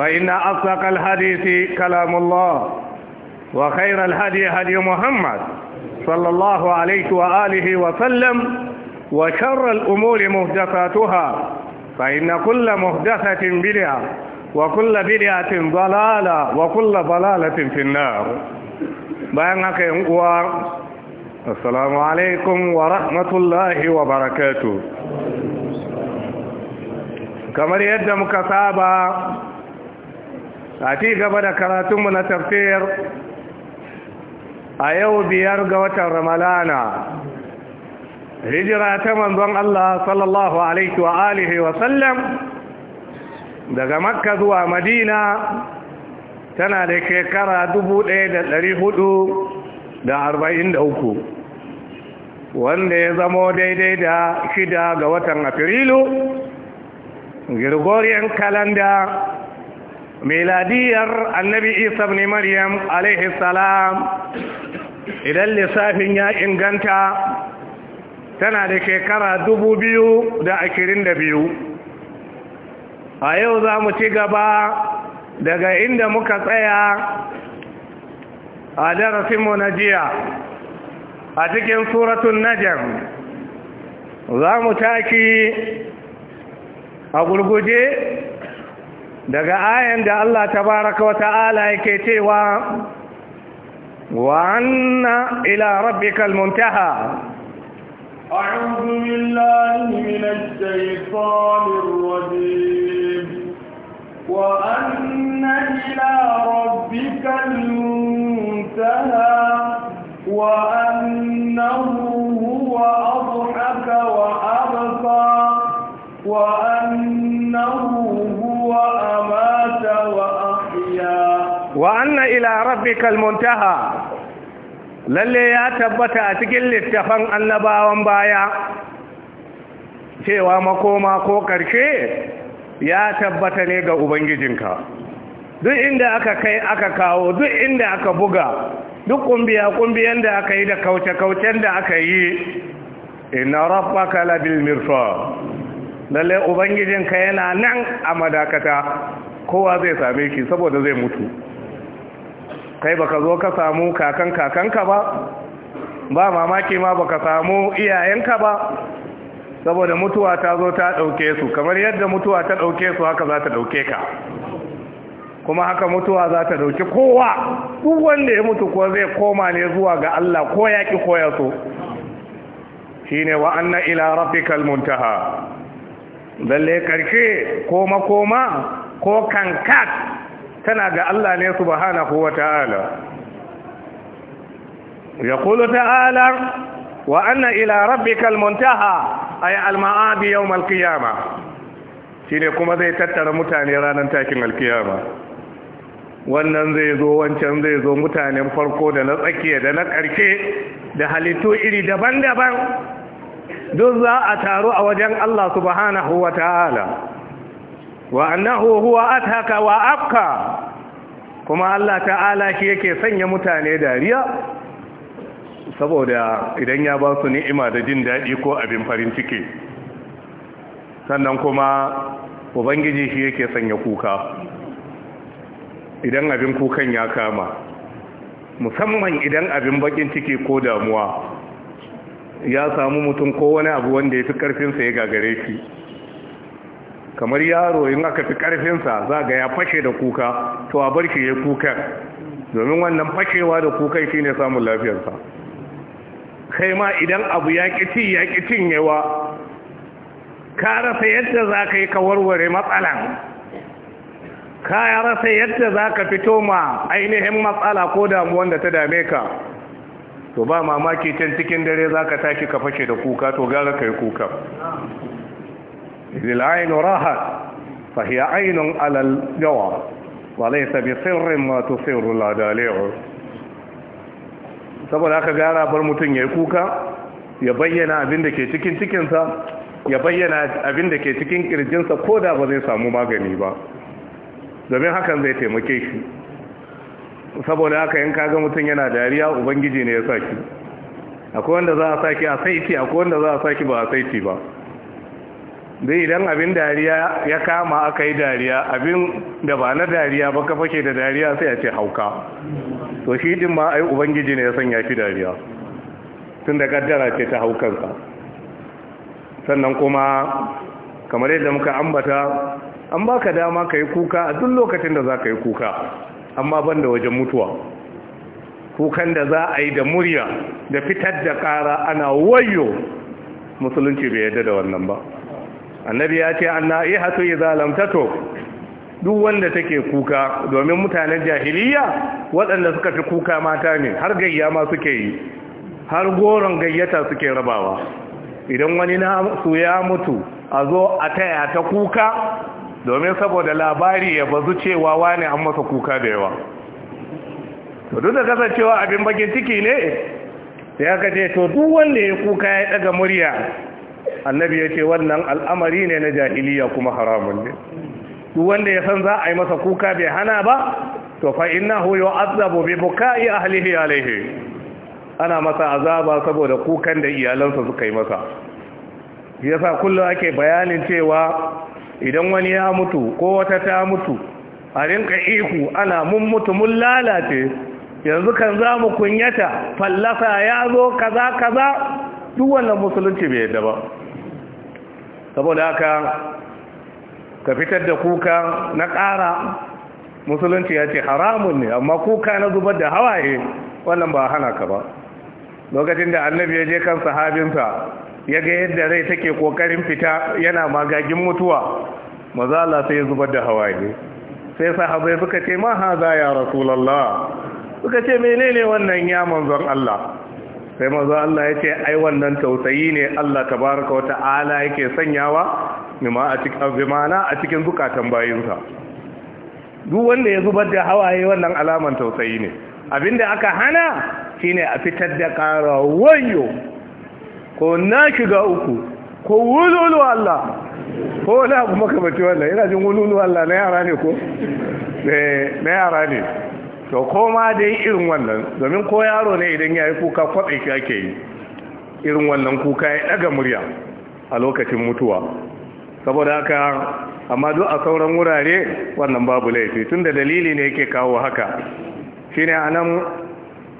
فإن أصدق الحديث كلام الله وخير الهدي هدي محمد صلى الله عليه وآله وسلم وشر الأمور مهدفاتها فإن كل مهدفة بدعة وكل بدعة ضلالة وكل ضلالة في النار بأنك و... السلام عليكم ورحمة الله وبركاته كما يدى مكتابة a ci gaba da karatunmu na tafsir a yau biyar ga watan ramalana hijira ta manzon Allah sallallahu alaihi wa alihi wa sallam daga makka zuwa madina tana da shekara uku, wanda ya zamo daidai da shida ga watan afrilu gregorian calendar miladiyar annabi isa ne maryam salam idan lissafin ya inganta tana da shekara biyu. da a yau za mu ci gaba daga inda muka tsaya a darasin mu na jiya a cikin suratun najar za mu taki a gurguje daga ayan da Allah tabaraka wa ta'ala yake cewa wa anna ila rabbikal muntaha a'udhu billahi minash shaytanir rajim wa anna ila rabbikal muntaha wa annahu huwa adhaka wa abqa wa'anna هو أمات وأحيا وأن lalle ya tabbata a cikin littafan annabawan baya cewa makoma ko karshe ya tabbata ne ga ubangijinka duk inda aka kai aka kawo duk inda aka buga duk kumbiya kumbiyan da aka yi da kauce-kaucen da aka yi inna rabbaka labil mirsad lalle ka yana nan a madakata kowa zai same shi saboda zai mutu kai baka zo ka samu kakan kakanka ba ba mamaki ma baka samu iyayenka ba saboda mutuwa ta zo ta ɗauke su kamar yadda mutuwa ta ɗauke su haka za ta ɗauke ka kuma haka mutuwa za ta ɗauki kowa duk wanda ya mutu ko zai koma ne zuwa ga Allah ko yaki ki ko ya so shine wa anna ila rabbikal muntaha lalle karshe ko makoma ko kankat tana ga Allah ne subhanahu wa ta'ala kulu ta'ala wa anna ila rabbikal muntaha ay al ma'abi yawm al shine kuma zai tattara mutane ranar takin alkiyama wannan zai zo wancan zai zo mutanen farko da na tsakiya da na ƙarshe da halittu iri daban-daban duk za a taru a wajen Allah subhanahu wa ta'ala wa annahu huwa ataka wa kuma Allah ta'ala shi yake sanya mutane dariya saboda idan ya ba su ni'ima da jin daɗi ko abin farin ciki sannan kuma ubangiji shi yake sanya kuka idan abin kukan ya kama musamman idan abin bakin ciki ko damuwa ya samu mutum ko wani abu wanda ya fi karfinsa ya gagare shi kamar yaro in aka fi karfinsa za ga ya fashe da kuka to a bar shi ya kukan domin wannan fashewa da kukai shi ne samun lafiyarsa kai ma idan abu ya ci ya ƙi cinyewa ka rasa yadda za ka yi ka warware matsalan ka rasa yadda za ka fito ma ainihin matsala ko damuwan da ta dame ka to ba mamaki can cikin dare za ka tashi ka fashe da kuka to gara ka yi kuka zil ainu raha fahiya ainihin alal yawa walai sabi sirrin matu sirrin ladalewa saboda aka gara bar mutum ya yi kuka ya bayyana abin da ke cikin cikinsa ya bayyana abin da ke cikin kirjinsa ko da ba zai samu magani ba domin hakan zai taimake shi saboda haka in kaga mutum yana dariya ubangiji ne ya saki akwai wanda za a saki a saiti akwai wanda za a saki ba a saiti ba dai idan abin dariya ya kama aka yi dariya abin da ba na dariya ba ka fake da dariya sai a ce hauka to shi din ma ai ubangiji ne ya sanya shi dariya tun da kaddara ce ta haukansa sannan kuma kamar yadda muka ambata an baka dama ka yi kuka a duk lokacin da za ka yi kuka amma ban da wajen mutuwa kukan da za a yi da murya da fitar da ƙara ana wayo musulunci bai yadda da wannan ba annabi ya ce an na'i hatu yi lam duk wanda take kuka domin mutanen jahiliya waɗanda suka fi kuka mata ne har gayya ma suke yi har goron gayyata suke rabawa idan wani na su ya mutu a zo a taya ta kuka domin saboda labari ya bazu cewa wane an masa kuka da yawa to duk da kasancewa abin bakin ciki ne sai aka ce to duk wanda ya kuka ya daga murya annabi ya ce wannan al'amari ne na jahiliya kuma haramun ne duk wanda ya san za a yi masa kuka bai hana ba to fa inna hu yu'adzabu bi buka'i ahlihi alayhi ana masa azaba saboda kukan da iyalansa suka yi masa yasa kullum ake bayanin cewa idan wani ya mutu ko wata ta mutu a rinka ihu ana mun mutu mun lalace yanzu kan za mu kunyata fallasa ya zo kaza kaza duk wannan musulunci bai yadda ba saboda haka ka fitar da kuka na ƙara musulunci ya ce haramun ne amma kuka na zubar da hawaye wannan ba hana ka ba lokacin da annabi ya je kan sahabinsa ya ga yadda rai take kokarin fita yana magagin mutuwa mazala sai ya zubar da hawaye sai sahabai suka ce ma haza ya rasulallah suka ce menene wannan ya manzon Allah sai manzo Allah ya ce ai wannan tausayi ne Allah tabaraka wa ta'ala yake sanyawa mima a cikin zamana a cikin zukatan bayinsa duk wanda ya zubar da hawaye wannan alaman tausayi ne abinda aka hana shine a fitar da ƙara wayo ko na shiga uku ko wululu Allah ko na abu makamanci wannan ina jin wululu Allah na yara ne ko eh, na yara ne to koma dai irin wannan domin ko yaro ne idan ya yi kuka kwaɓe shi ake yi irin wannan kuka ya ɗaga murya a lokacin mutuwa saboda haka amma duk a sauran wurare wannan babu laifi tun da dalili ne yake kawo haka shi ne a nan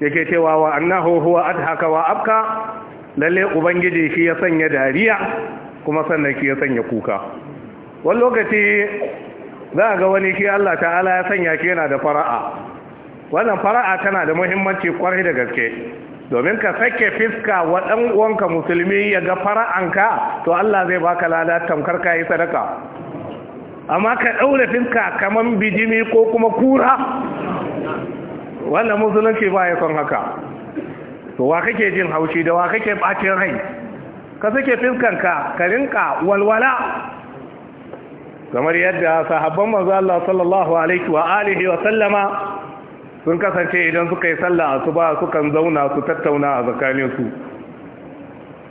yake cewa wa annahu huwa adhaka wa abka lalle ubangiji shi ya sanya dariya kuma sannan shi ya sanya kuka wani lokaci za a ga wani shi Allah ta'ala ya sanya shi yana da fara'a wannan fara'a tana da muhimmanci kwarai da gaske domin ka sake fiska wa ɗan uwanka musulmi ya ga fara'anka to Allah zai baka lada tamkar ka yi sadaka amma ka ɗaure fiska kamar bijimi ko kuma kura wannan musulunci ba ya son haka to wa kake jin haushi da wa kake bacin rai ka suke fiskanka ka rinka walwala kamar yadda sahabban manzo Allah sallallahu alaihi wa alihi wa sallama sun kasance idan suka yi sallah asuba sukan zauna su tattauna a tsakanin su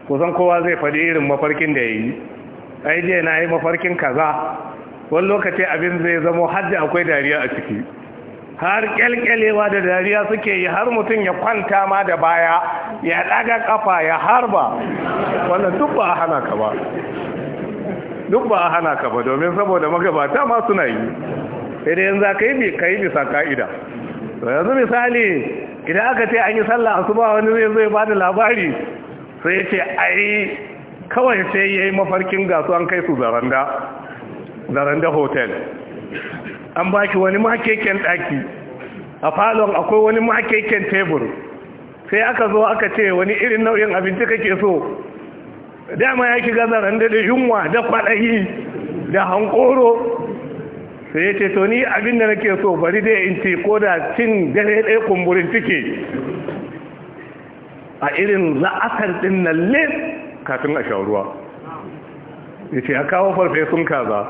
kusan kowa zai faɗi irin mafarkin da yayi ai je na yi mafarkin kaza wani lokaci abin zai zamo hadda akwai dariya a ciki har kyalkyalewa da dariya suke yi har mutum ya kwanta ma da baya ya daga kafa ya harba wannan duk ba a hana ka ba duk ba a hana ka ba domin saboda magabata ma suna yi sai dai yanzu ka yi bisa ka'ida yanzu misali idan aka ce an yi sallah asuba wani zai zai ba da labari sai ya ce ai kawai sai ya yi mafarkin gasu an kai su zaranda zaranda hotel an ba shi wani makeken ɗaki a falon akwai wani makeken tebur sai aka zo aka ce wani irin nau'in abinci kake so dama ya gaza randa da yunwa da kwaɗayi da hankoro sai ya ce to ni abin da nake so bari dai in ce ko da cin dare ɗaya kumburin ciki a irin la'asar ɗin nan kafin a sha ruwa ya ce ya kawo farfesun kaza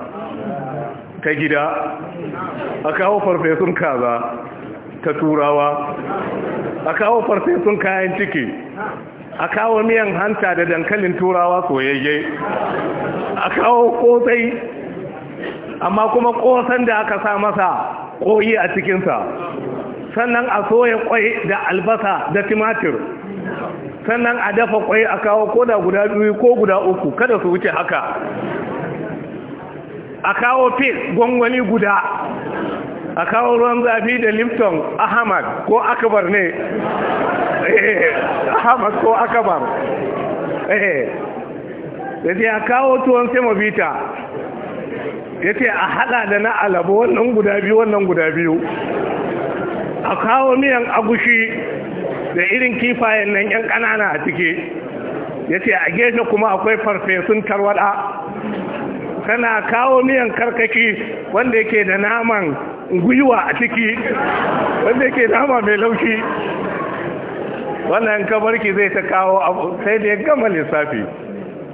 ka gida a kawo farfesun kaza ta turawa a kawo farfesun kayan ciki a kawo miyan hanta da dankalin turawa soyayye a kawo kosai amma kuma kosan da aka sa masa koyi a cikinsa sannan a soya kwai da albasa da timatir sannan a dafa kwai a kawo koda guda biyu ko guda uku kada su wuce haka a kawo fil gwangwani guda a kawo ruwan zafi da lipton ahmad ko akabar ne eh, ahmad ko akabar eh, ya ce a kawo tuwon Semovita? ya ce a hada da na alabo wannan guda biyu wannan guda biyu a kawo miyan agushi da irin kifayen nan yan kanana a ciki ya ce a gefe kuma akwai farfesun tarwada Tana kawo miyan karkaki wanda yake da naman gwiwa a ciki wanda yake nama mai laushi wannan kamarki zai ta kawo abu sai da ya gama lissafi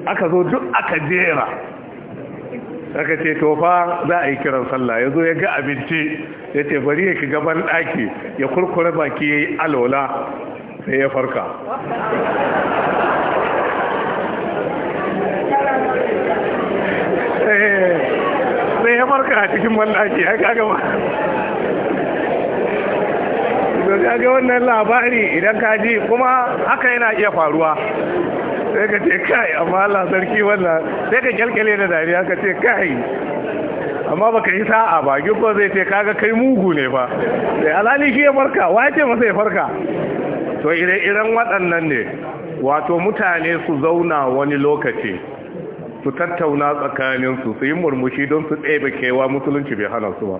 aka zo duk aka jera aka ce tofa za a yi kiran sallah ya zo ya ga abinci ya ce bari ya ki gaban ɗaki ya kurkura baki ya yi alola sai ya farka sai ya farka a cikin mallaki ya kaga ma kaga wannan labari idan ka ji kuma haka yana iya faruwa sai ka ce kai amma Allah sarki wannan sai ka kyalkyale da dariya ka ce kai amma baka yi sa'a ba gibba zai ce kaga kai mugu ne ba sai alali shi ya farka wa ce masa ya farka to ire-iren waɗannan ne wato mutane su zauna wani lokaci su tattauna tsakaninsu su yi murmushi don su tsebe kewa musulunci bai hana su ba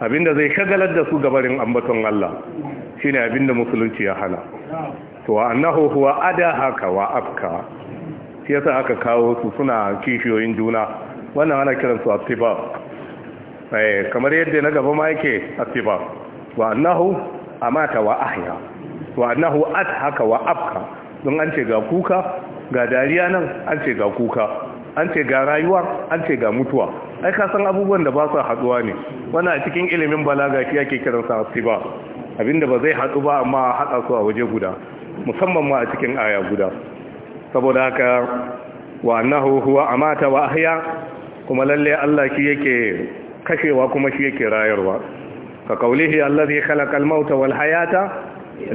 abinda zai shagalar da su gabarin ambaton Allah shine abinda musulunci ya hana to annahu huwa ada haka wa afka shi yasa aka kawo su suna kishiyoyin juna wannan ana kiran su attiba eh kamar yadda na gaba ma yake attiba wa annahu amata wa ahya wa annahu haka wa afka don an ce ga kuka ga dariya nan an ce ga kuka an ce ga rayuwa an ce ga mutuwa ai ka san abubuwan da ba su haduwa ne wannan a cikin ilimin balaga shi ake kiran sa asiba abinda ba zai hadu ba amma hada su a waje guda musamman ma a cikin aya guda saboda haka wa annahu huwa amata wa ahya kuma lalle Allah shi yake kashewa kuma shi yake rayarwa ka kaulihi allazi khalaqal mauta wal hayata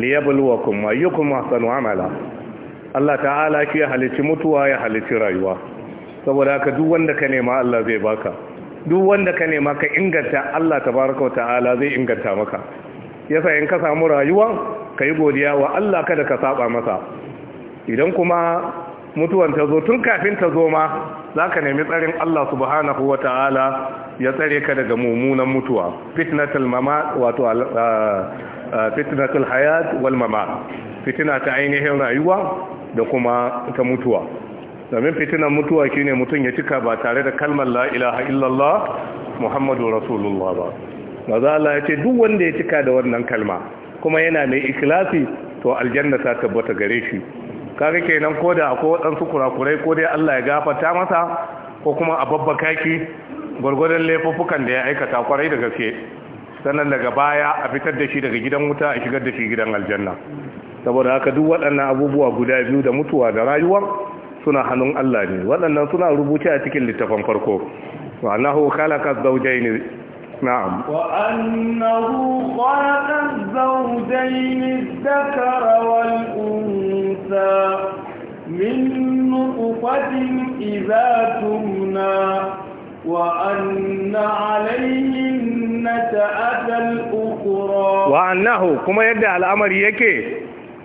liyabluwakum ayyukum ahsanu amala Allah ta'ala ke ya halici mutuwa ya halici rayuwa saboda duk wanda ka nema Allah zai baka duk wanda ka nema ka inganta Allah ta'ala zai inganta maka yasa in ka samu rayuwa ka yi godiya wa Allah kada ka saba masa idan kuma mutuwan ta zo tun kafin ta zo ma za ka nemi tsarin Allah subhanahu wa ta'ala ya tsare ka daga mummunan mutuwa fitnatul mama wato uh, uh, fitnatul hayat wal mama fitina ta ainihin rayuwa da kuma ta mutuwa domin fitinan mutuwa shine mutum ya cika ba tare da kalmar la illallah muhammadu rasulullah ba maza Allah ya ce duk wanda ya cika da wannan kalma kuma yana mai ikilasi to aljanna ta tabbata gare shi kaga kenan ko da akwai waɗansu kurakurai ko dai Allah ya gafarta masa ko kuma a babbaka ki gwargwadon laifuffukan da ya aikata kwarai da gaske sannan daga baya a fitar da shi daga gidan wuta a shigar da shi gidan aljanna saboda haka duk waɗannan abubuwa guda biyu da mutuwa da rayuwar suna hannun Allah ne waɗannan suna rubuce a cikin littafin farko wa annahu khalaqa zawjayn na'am wa annahu khalaqa zawjayn adh-dhakara wal untha min nutfatin idha tumna وأن عليه النشأة الأخرى وأنه كما يدعى الأمر يكي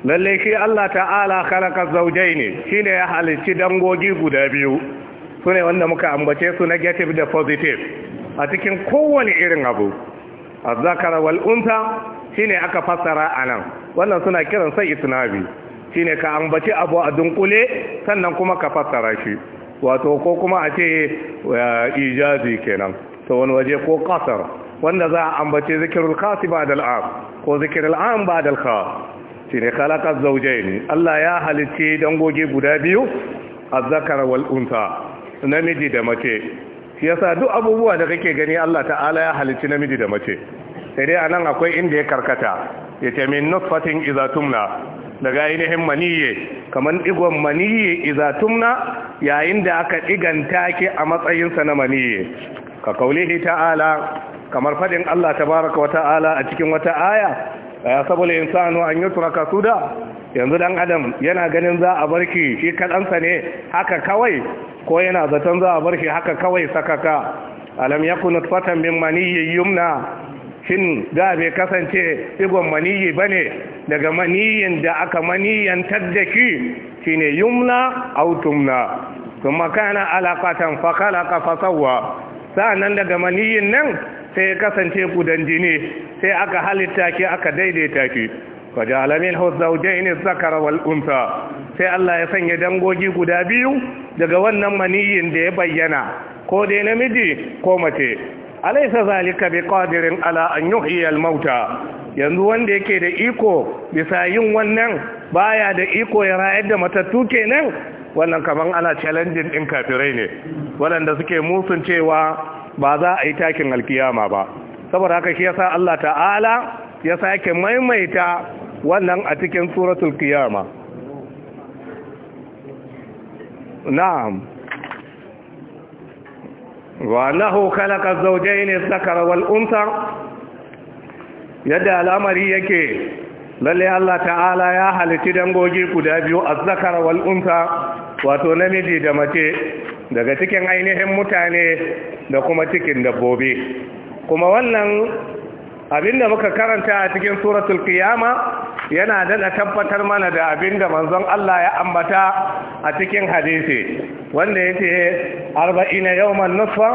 lalle shi Allah ta'ala khalaqa zawjayni shine ya halici dangogi guda biyu sune wanda muka ambace su negative da positive a cikin kowane irin abu azzakara wal unta shine aka fassara anan wannan suna kiran sai isnabi shine ka ambace abu a dunkule sannan kuma ka fassara shi wato ko kuma a ce eh, ijazi kenan to wani waje ko kasar wanda za a ambace zikrul qasiba ba ko zikrul am ba dal shine khalaqa ne. Allah ya halice dangoge guda biyu a wal unsa namiji da mace shi yasa duk abubuwa da kake gani Allah ta'ala ya halice namiji da mace sai dai anan akwai inda ya karkata yace min nutfatin idza tumna daga ainihin maniyye kamar digon maniyye idza yayin da aka diganta ke a matsayinsa na maniyye ka kaulihi ta'ala kamar fadin Allah ta wa ta'ala a cikin wata aya ya saboda insanu an yi turaka su da yanzu dan adam yana ganin za a barki shi kaɗansa ne haka kawai ko yana zaton za a barki haka kawai sakaka alam yakun fatan min maniyyi yumna shin da bai kasance igon maniyyi bane daga maniyyin da aka maniyyantar da shi shine yumna autumna tumna kana alaqatan fa khalaqa fa sawwa sa'annan daga maniyyin nan sai ya kasance kudan jini sai aka halitta ki aka daidaita ki faja'ala minhu zawjayn adh zakara wal sai Allah ya sanya dangogi guda biyu daga wannan maniyin da ya bayyana ko dai namiji ko mace alaysa zalika biqadirin ala an yuhyiya mauta yanzu wanda yake da iko bisa yin wannan baya da iko ya rayar da matattu kenan wannan kaman ana challenging din kafirai ne waɗanda suke musun cewa ba za a yi takin alkiyama ba saboda haka shi yasa Allah ta'ala ya sake maimaita wannan a cikin suratul kiyama na'am wa annahu khalaqa zawjayn adh-dhakara wal untha yadda al'amari yake lalle Allah ta'ala ya halitti dangogi guda biyu a dhakara wal untha wato namiji da mace daga cikin ainihin mutane da kuma cikin dabbobi kuma wannan abinda muka karanta a cikin suratul qiyama yana dana tabbatar mana da abinda manzon Allah ya ambata a cikin hadisi wanda yace 40 yawman nusfa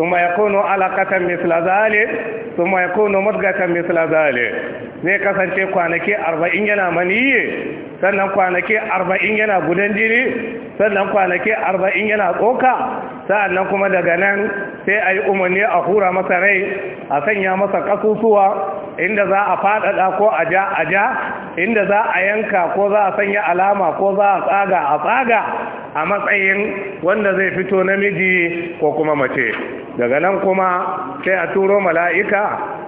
thumma yakunu alaqatan mithla zalik thumma yakunu mudghatan mithla zalik zai kasance kwanaki arba'in yana maniyye sannan kwanaki arba'in yana gudan jini sannan kwanaki arba'in yana tsoka sa'annan kuma daga nan sai a yi umarni a hura masa rai a sanya masa ƙasusuwa. inda za a faɗaɗa ko a ja a ja inda za a yanka ko za a sanya alama ko za a tsaga a tsaga a matsayin wanda zai fito namiji ko kuma mace daga nan kuma sai a turo mala'ika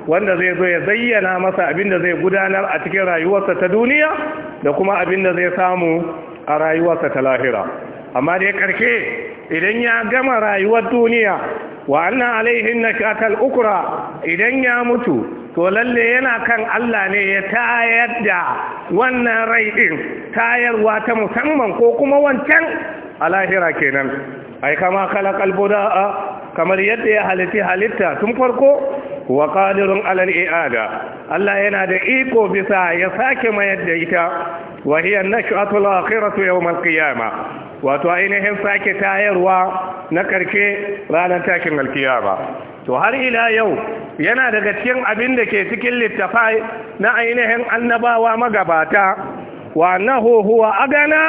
wanda zai zo ya zayyana masa abin da zai gudanar a cikin rayuwarsa ta duniya da kuma abin da zai samu a rayuwarsa ta lahira amma dai karke, idan ya gama rayuwar duniya wa anna alaihin nakatal ukura idan ya mutu to lalle yana kan Allah ne ya tayar da wannan rai tayarwa ta musamman ko kuma wancan a lahira kenan ai kama kalakal buda'a kamar yadda ya halitti halitta tun farko wa qadirun al i'ada Allah yana da iko bisa ya sake mayar da ita wa hiya al akhiratu yawm al-qiyama wato ainihin sake tayarwa na karshe ranar takin alkiyama to har ila yau yana daga cikin abin da ke cikin littafai na ainihin annabawa magabata wa annahu huwa agana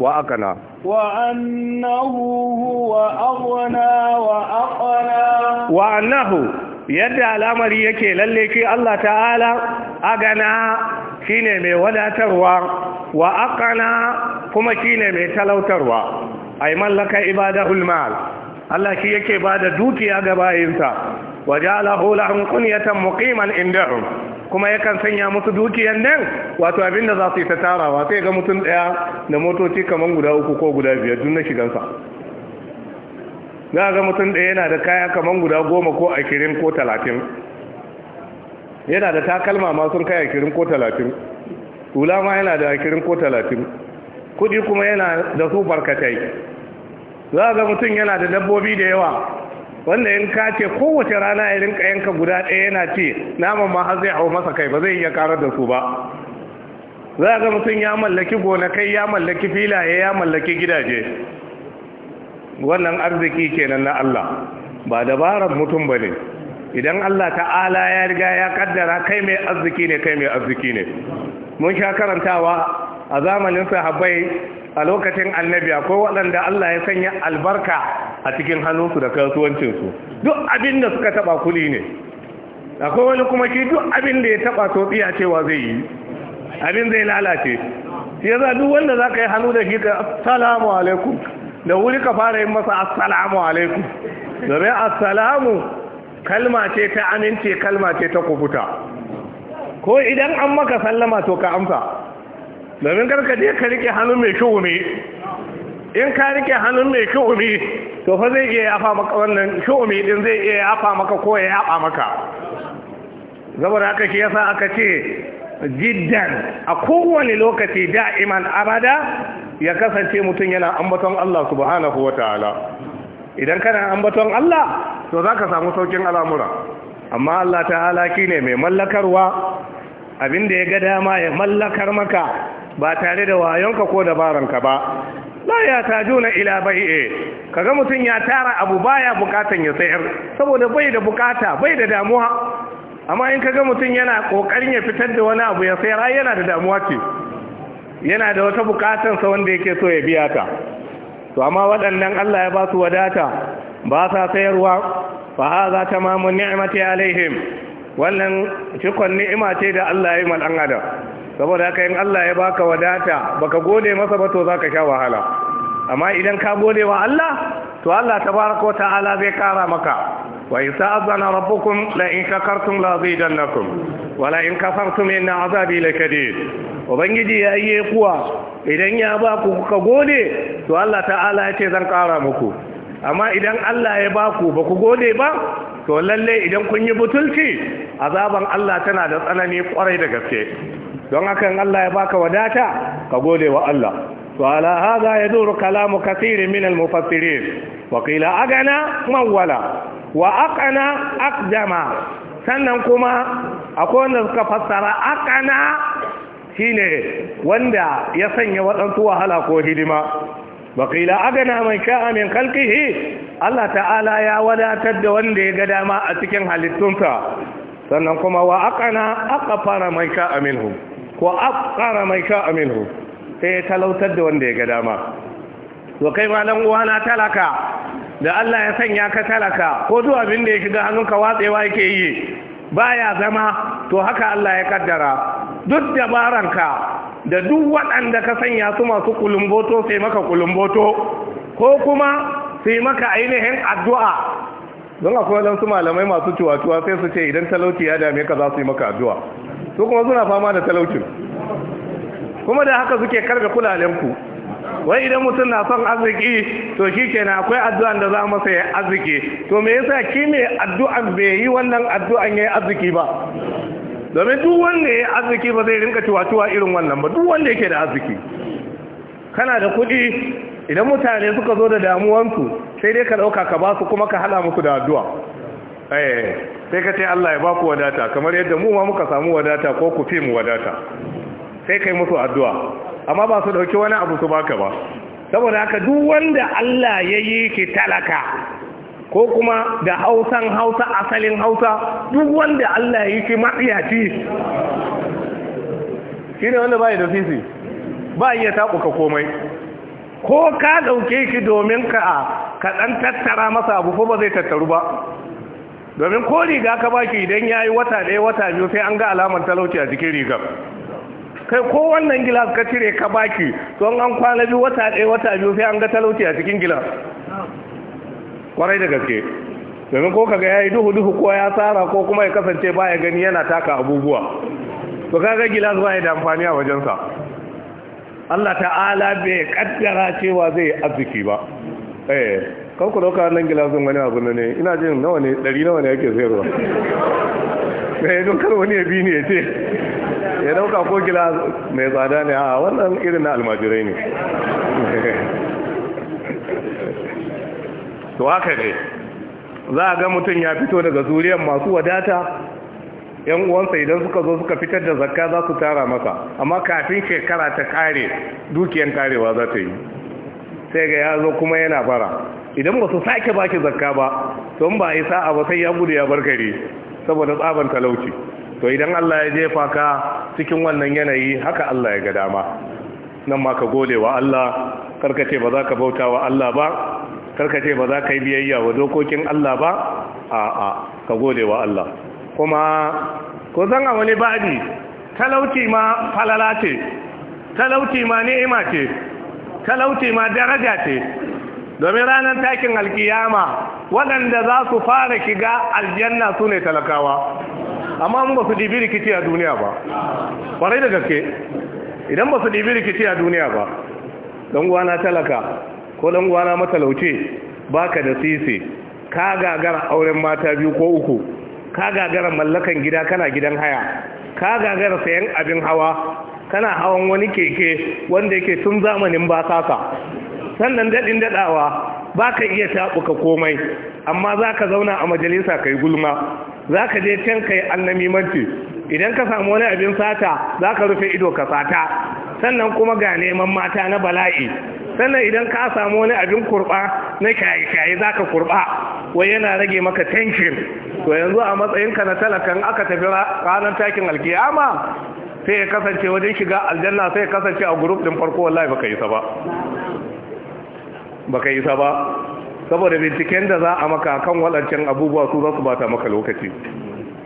wa akana wa’annahu huwa aghna wa yadda al’amari yake lalle ke Allah ta’ala agana, gana shi ne mai wadatarwa wa kuma shi ne mai talautarwa Ai yi mallaka ibada hulmar Allah shi yake bada dukiya ga bayinsa wa ja’ala hula hankun ya inda kuma yakan sanya musu dukiyan nan wato abin da za su yi ta tarawa sai ga mutum ɗaya da motoci kamar guda uku ko guda biyar duk na shigansa za ga mutum ɗaya yana da kaya kamar guda goma ko ashirin ko talatin yana da takalma ma sun kai ashirin ko talatin hula ma yana da ashirin ko talatin kuɗi kuma yana da su barkatai za ga mutum yana da dabbobi da yawa wanda in ka ce kowace rana ya rinka yanka guda ɗaya yana ce naman ma har zai hau masa kai ba zai iya karar da su ba za ga mutum ya mallaki gonakai ya mallaki filaye ya mallaki gidaje wannan arziki kenan na Allah ba dabarar mutum ba ne idan Allah ta'ala ya riga ya kaddara kai mai arziki ne kai mai arziki ne mun sha karantawa a zamanin sahabbai a lokacin annabi akwai waɗanda Allah ya sanya albarka a cikin hannunsu da kasuwancinsu duk abin da suka taɓa kuli ne akwai wani kuma shi duk abin da ya taɓa to a cewa zai yi abin zai lalace ya za duk wanda za ka yi hannu da shi ka assalamu alaikum da wuri ka fara yin masa assalamu alaikum domin assalamu kalma ce ta amince kalma ce ta kubuta ko idan an maka sallama to ka amsa domin karka je ka rike hannun mai shuhumi in ka rike hannun mai shu'umi to fa zai iya yafa maka wannan shuhumi din zai iya yafa maka ko ya yaba maka zabar haka shi yasa aka ce jiddan a kowane lokaci da'iman abada ya kasance mutum yana ambaton Allah subhanahu wataala idan kana ambaton Allah to za ka samu saukin al'amura amma Allah ta halaki ne mai mallakarwa abinda ya ga dama ya mallakar maka ba tare da wayonka ko dabaranka ba la ya tajuna ila bai'e kaga mutum ya tara abu baya bukatan ya sayar saboda bai da bukata bai da damuwa amma in kaga mutum yana kokarin ya fitar da wani abu ya sayar ai yana da damuwa ce yana da wata bukatan sa wanda yake so ya biya ta to amma waɗannan Allah ya ba su wadata ba sa sayarwa fa hadha tamamun ni'mati alaihim wannan cikon ni'ima ce da Allah ya yi mal adam saboda haka in Allah ya baka wadata baka gode masa ba to zaka sha wahala amma idan ka gode wa Allah to Allah tabaraka wa ta'ala zai kara maka wa isa azana rabbukum la in shakartum la zidannakum wa in kafartum inna azabi lakadid ubangiji ya yi kuwa idan ya baku kuka gode to Allah ta'ala ya ce zan kara muku amma idan Allah ya baku baku ba ku gode ba to lalle idan kun yi butulci azaban Allah tana da tsanani kwarai da gaske don haka in Allah ya baka wadata ka gode wa Allah to ala hadha yaduru kalamu kathirin min al wa qila agana man wala wa aqana aqdama sannan kuma akwai wanda suka fassara aqana shine wanda ya sanya waɗansu wahala ko hidima waƙila agana man sha'a min Allah ta'ala ya wadatar da wanda ya ga dama a cikin halittunsa sannan kuma wa aqana aqfara man sha'a minhum wa afqara mai sha'a Aminu sai ya talautar da wanda ya ga dama to kai ma dan uwa na talaka da Allah ya sanya ka talaka ko duk abin da ya shiga hannunka watsewa yake yi baya zama to haka Allah ya kaddara duk dabaranka da duk waɗanda ka sanya su masu kulumboto sai maka kulumboto ko kuma sai maka ainihin addu'a don akwai wadansu malamai masu cuwa-cuwa sai su ce idan talauci ya dame ka za su yi maka addu'a su kuma suna fama da talaucin kuma da haka suke karga kulalenku wai idan mutum na son arziki to shi kenan akwai addu'an da za masa ya arziki to me yasa ki ne addu'an bai yi wannan addu'an ya yi arziki ba domin duk wanda ya yi arziki ba zai rinka ciwa irin wannan ba duk wanda yake da arziki kana da kuɗi idan mutane suka zo da damuwansu sai dai ka ɗauka ka ba su kuma ka haɗa musu da addu'a Eh, sai ka ce Allah ya ba ku wadata kamar yadda mu ma muka samu wadata ko ku fi mu wadata sai kai musu addu'a amma ba su dauki wani abu su baka ba saboda haka duk wanda Allah ya yi ki talaka ko kuma da hausan hausa asalin hausa duk wanda Allah ya yi ki matsiyaci shi ne wanda ba da sisi ba iya taɓuka komai ko ka ɗauke shi domin ka ɗan tattara masa abu ko ba zai tattaru ba domin ko riga ka baki idan ya yi wata ɗaya wata biyu sai an ga alamar talauci a jikin rigar kai ko wannan gilas ka cire ka baki don an kwana biyu wata ɗaya wata biyu sai an ga talauci a cikin gilas kwarai da gaske domin ko kaga ya yi duhu duhu ko ya tsara ko kuma ya kasance ba ya gani yana taka abubuwa to kaga gilas ba ya da amfani a wajensa Allah ta'ala bai kaddara cewa zai yi arziki ba eh kan ku dauka nan gilasin wani abu ne ina jin nawa ne ɗari nawa ne yake sayarwa sai don kar wani ya bi ne ya ce ya dauka ko gilas mai tsada ne a wannan irin na almajirai ne to haka ne za a ga mutum ya fito daga zuriyar masu wadata yan uwansa idan suka zo suka fitar da zakka za su tara masa amma kafin shekara ta kare dukiyan karewa za ta yi sai ga ya zo kuma yana fara idan ba su sake baki zakka ba to ba a yi sa'a ba sai ya gudu ya barkare saboda tsaban talauci to idan Allah ya jefa ka cikin wannan yanayi haka Allah ya ga dama nan ma ka gode wa Allah karkace ba za ka bauta wa Allah ba karkace ba za ka yi biyayya wa dokokin Allah ba a'a ka gode wa Allah kuma ko zan a wani ba'adi talauci ma falala ce talauci ma ni'ima ce talauci ma daraja ce domin ranar takin alkiyama waɗanda za su fara kiga aljanna su ne talakawa amma mun ba su dibi rikici a duniya ba ƙwarai da gaske idan ba su dibi rikici a duniya ba don gwana talaka ko don gwana matalauce baka da sisi ka gagara auren mata biyu ko uku ka gagara mallakan gida kana gidan haya ka gagara sayan abin hawa kana hawan wani keke wanda yake tun zamanin ba saka sannan daɗin daɗawa ba ka iya taɓuka komai amma za ka zauna a majalisa kai gulma za ka je can kai annamimanci idan ka samu wani abin sata za ka rufe ido ka sata sannan kuma ga neman mata na bala'i sannan idan ka samu wani abin kurba na kyaye-kyaye za ka kurba wai yana rage maka tension to yanzu a matsayinka na talakan aka tafi ranar takin alkiyama sai ya kasance wajen shiga aljanna sai ya kasance a guruf din farko wallahi baka yi sa ba baka yi sa ba saboda binciken da za a maka kan waɗancan abubuwa su za su bata maka lokaci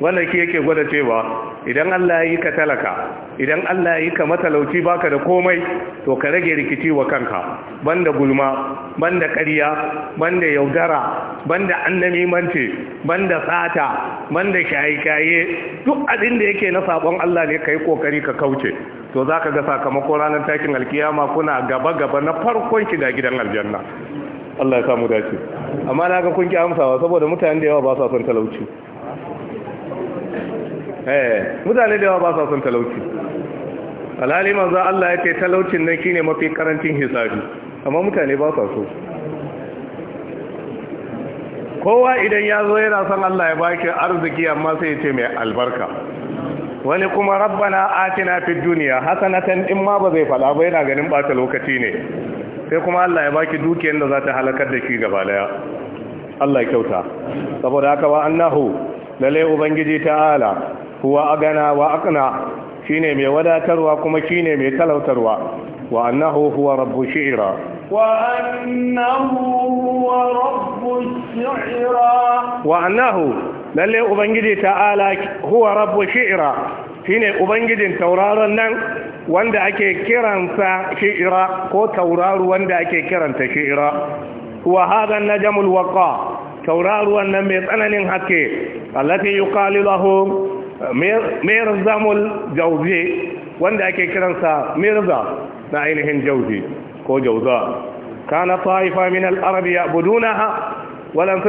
wannan ke yake gwada cewa idan Allah ya yi ka talaka idan Allah ya yi ka matalauci baka da komai to ka rage rikici wa kanka banda gulma banda ƙarya banda yaudara banda annamimanci banda sata banda shayikaye duk abin da yake na sabon Allah ne kai kokari ka kauce to zaka ga sakamako ranar takin alkiyama kuna gaba-gaba na farkon shiga gidan aljanna Allah ya samu dace amma na ga kun ki amsawa saboda mutane da yawa ba sa son talauci Eh, mutane da yawa ba sa son talauci alhali manzo Allah ya ce talaucin nan shine mafi karancin hisabi amma mutane ba sa so kowa idan ya zo yana son Allah ya baki arziki amma sai ya ce mai albarka wani kuma rabbana atina fid dunya hasanatan in ma ba zai fada ba yana ganin ba ta lokaci ne sai kuma Allah ya baki dukiyar da za ta halakar da shi gaba daya Allah ya kyauta saboda haka wa annahu lalai ubangiji ta'ala huwa agana wa aqna shine mai wadatarwa kuma shine mai talautarwa wa annahu huwa rabbu shi'ra wa annahu huwa rabbu shi'ra wa annahu lalle ubangiji ta'ala huwa rabbu shi'ra shine ubangijin tauraron nan wanda ake kiransa shi'ira ko tauraru wanda ake kiranta shi'ira wa hadha najmul waqa tauraru nan mai tsananin haske allati yuqalu lahum merzamul jauze wanda ake kiransa mirza na ainihin jauze ko jauza kana taifa min al-arabi ya'budunaha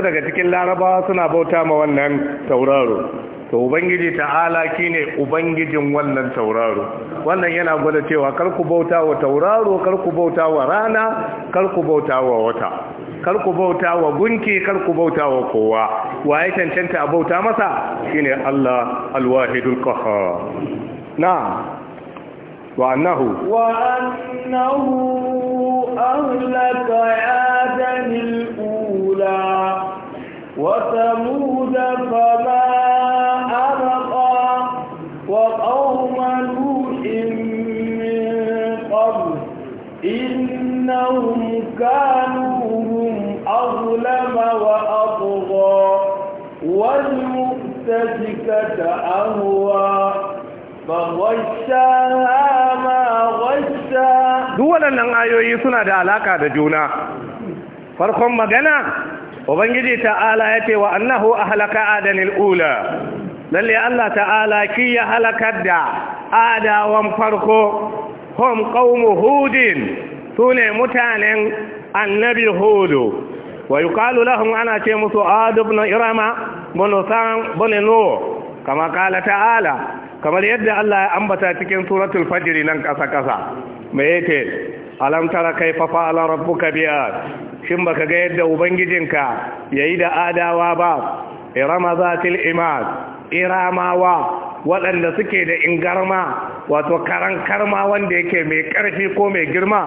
daga cikin laraba suna bauta ma wannan tauraro to ubangiji ta'ala kine ubangijin wannan tauraro wannan yana gwada cewa kar ku bauta wa tauraro kar ku bauta wa rana kar ku bauta wa wata kar ku bauta wa gunki kar ku bauta wa kowa waye cancanta a bauta masa shine Allah alwahidul qahhar na'am wa annahu wa annahu ahlaka adanil ula wa thamud fama abqa wa qauman إنهم كانوا هم أظلم وأطغى والمؤتفكة أهوى فغشاها ما غشا دولا لن آيوي سنة علاقة جونا فرقم مجانا وبنجي تعالى يتي وأنه أهلك آدن الأولى lalle Allah ta'ala ki ya halakar da adawan farko hum qaumu hudin su ne mutanen annabi hudu wa yi kalu ana ce musu adubna na irama bunusan buninu kama kala ta'ala kamar yadda Allah ya ambata cikin suratul fajiri nan ƙasa-ƙasa mai yake alamtara kai fafa ala rabbuka biya shin baka ga yadda ubangijinka yayi da adawa ba irama zatil imad iramawa waɗanda suke da ingarma wato karan karma wanda yake mai ƙarfi ko mai girma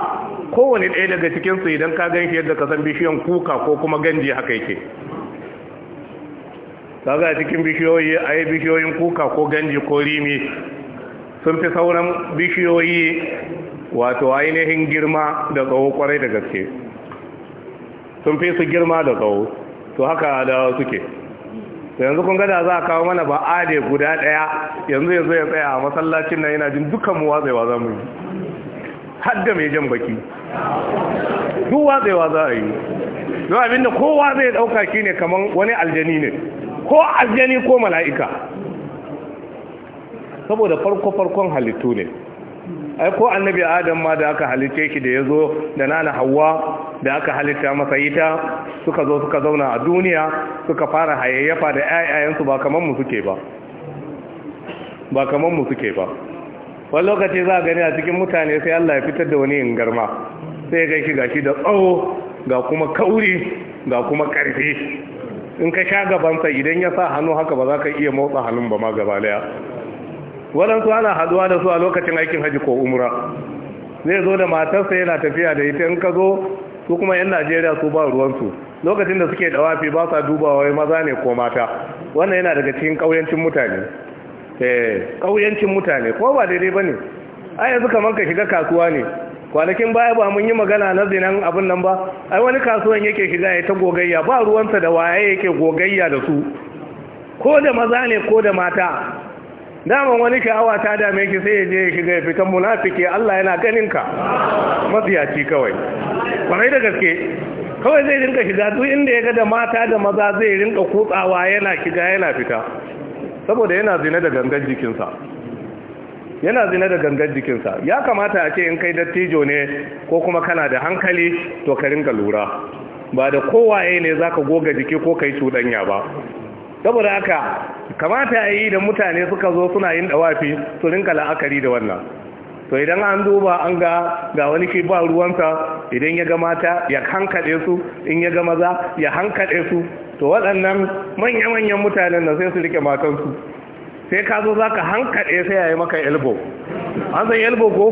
kowane ɗaya daga cikinsu idan ka gan shi yadda ka san bishiyan kuka ko kuma ganji haka yake kaga cikin bishiyoyi a yi bishiyoyin kuka ko ganji ko rimi sun fi sauran bishiyoyi wato ainihin girma da tsawo kwarai da gaske sun fi su girma da tsawo to haka da suke yanzu kun gada za a kawo mana ba ade guda daya yanzu yanzu ya tsaya a masallacin nan yana jin dukkan mu watsewa za mu yi hadda mai jan baki duk watsewa za a yi don abinda kowa zai dauka ne kaman wani aljani ne ko aljani ko mala'ika saboda farko-farkon halittu ne ai ko annabi adam ma da aka halice shi da ya zo da nana hawa da aka halitta masa ita suka zo suka zauna a duniya suka fara hayayyafa da ƴaƴayensu ba kaman mu suke ba ba kaman mu suke ba wani lokaci za a gani a cikin mutane sai Allah ya fitar da wani ingarma sai ga shi gashi da tsawo ga kuma kauri ga kuma karfi in ka sha gabansa idan ya sa hannu haka ba za ka iya motsa hannun ba ma gaba daya waɗansu ana haduwa da su a lokacin aikin haji ko umura zai zo da matarsa yana tafiya da ita in ka zo su kuma yan najeriya su ba ruwansu lokacin da suke dawafi ba sa dubawa wai maza ne ko mata wannan yana daga cikin ƙauyancin mutane eh ƙauyancin mutane ko ba daidai ba ne a yanzu kamar ka shiga kasuwa ne kwanakin baya ba mun yi magana na zinan abin nan ba ai wani kasuwan yake shiga ya ta gogayya ba ruwansa da waye yake gogayya da su ko da maza ne ko da mata daman wani sha'awa ta dame ki sai ya je ya shiga ya fitan munafiki Allah yana ganin ka matsiyaci kawai kwarai da gaske kawai zai rinka shiga duk inda ya ga da mata da maza zai rinka kutsawa yana shiga yana fita saboda yana zina da gangan jikinsa yana zina da gangan jikinsa ya kamata a ce in kai dattijo ne ko kuma kana da hankali to ka rinka lura ba da kowaye ne zaka goga jiki ko kai cuɗanya ba saboda haka kamata a yi da mutane suka zo suna yin dawafi su rinka la'akari da wannan to idan an duba an ga ga wani ke ba ruwansa idan ya ga mata ya hankade su in ya ga maza ya hankade su to waɗannan manya-manyan mutanen da sai su rike matansu sai ka zo za ka hankaɗe sai ya yi maka elbo, an san elbo ko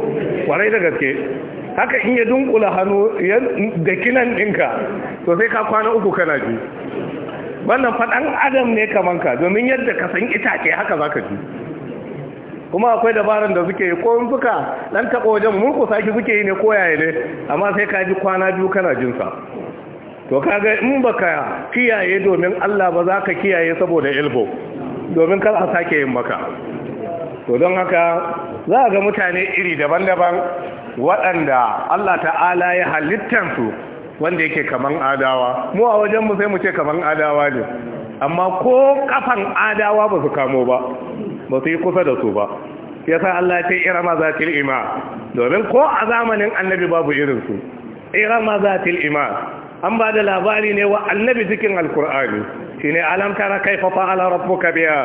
kwarai da gaske haka in ya dunkula hannu da kinan ɗinka to sai ka kwana uku kana ji wannan faɗan adam ne kaman ka domin yadda ka san itace haka za ka ji kuma akwai dabarar da suke yi ko in suka ɗan taɓa wajen mulku sake suke yi ne ko yaya ne amma sai ka ji kwana biyu kana jinsa to kaga in baka kiyaye domin Allah ba za ka kiyaye saboda ilbo domin kar a sake yin maka to don haka za a ga mutane iri daban-daban waɗanda Allah ta'ala ya halittansu wanda yake kaman adawa mu a wajen sai mu ce kaman adawa ne amma ko kafan adawa ba su kamo ba ba su yi kusa da su ba yasa Allah ce irama zatil ima domin ko a zamanin annabi babu irin su irama zatil ima an ba da labari ne wa annabi cikin alkur'ani shine alam tara kaifa fa'ala ka biya?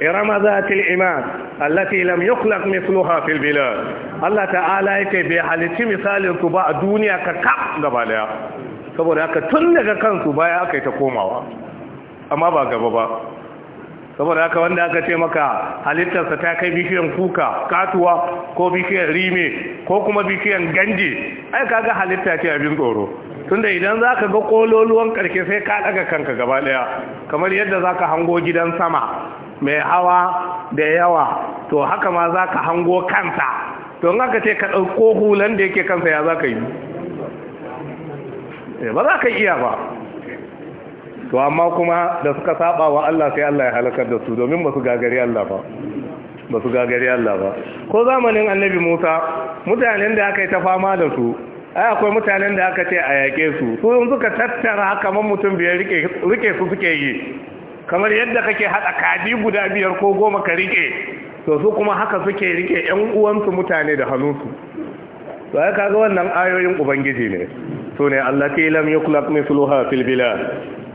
irama zatil ima allati kula yukhlaq mithluha fil bilad Allah ta'ala yake bai halitti misalin su ba a duniya ka kaf gaba daya saboda haka tun daga kansu baya aka yi ta komawa amma ba gaba ba saboda haka wanda aka ce maka halittarsa ta kai bishiyan kuka katuwa ko bishiyan rime ko kuma bishiyan ganje ai kaga halitta ce abin tsoro tunda idan zaka ga kololuwan karke sai ka daga kanka gaba daya kamar yadda zaka hango gidan sama mai hawa da yawa to haka ma zaka ka hango kansa don aka ce ka dauko hulan da yake kansa ya za yi Eh, ba za ka iya ba to amma kuma da suka saba wa Allah sai Allah ya halakar da su domin ba su gagari Allah ba ba su gagari Allah ba ko zamanin annabi Musa mutanen da aka yi ta fama da su ai akwai mutanen da aka ce a yaƙe su su suka tattara haka man mutum biyar rike su suke yi kamar yadda kake haɗa kadi guda biyar ko goma ka rike to su kuma haka suke rike 'yan uwansu mutane da hannunsu to ai kaga wannan ayoyin ubangiji ne su ne allati lam yuklaq mithluha fil bilad